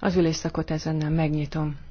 az ülésszakot ezennel megnyitom.